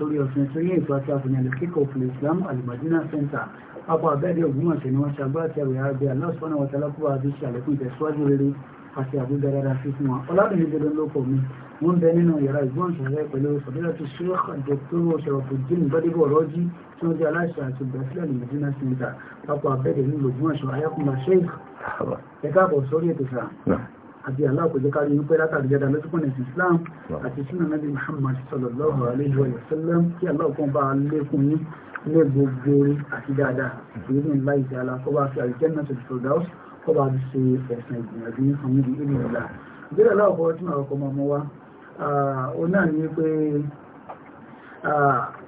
sórí ọ̀sán tó yẹ ìfà tí a fún ẹ̀lẹ́ kíkọ́ fún Islam Al-Madina Center apá abẹ́rẹ́ Ògbómọ̀ṣọ́ ni wọ́n ṣàgbá tẹ̀wé àgbẹ̀ aláṣọ́nà wọ̀tálàkùwà àti ṣàlékún ìtẹ̀síwájú rere àti àbúgbà dára sí fún wa ọlọ́run ìgbèrè lóko mi wọ́n bẹ nínú yàrá ìgbóhùnsáfẹ́ pẹ̀lú fàdílà tó ṣe àjọpọ̀ ṣọ̀rọ̀fùdín gbadébọ̀ rọ́jí tí wọ́n jẹ́ aláṣà àti gbàsílẹ̀ ní medina center pápá abẹ́rẹ́ nílùú ògbóhùnsáfẹ́ ayákùnlá sheikh ẹ̀ka àbọ̀ sórí ètò sáà àbí aláàkójẹ́kárí wípé látàrí jẹ́dà lẹ́tùkùn ẹ̀sìn islam àti sínú nàbí muhammad sallallahu alayhi wa sallam kí aláàkún bá lékún yí ní gbogbo àti dáadáa ìlú ńlá ìdáàlá kó bá fi àríjẹ́nà tó fòdáus kó bá fi ṣe ẹ̀sìn ìgbìyànjú àwọn ìlú ìlú ìlà ìbéèrè aláàkọ́ tí màá kọ́ mọ́ wa ah,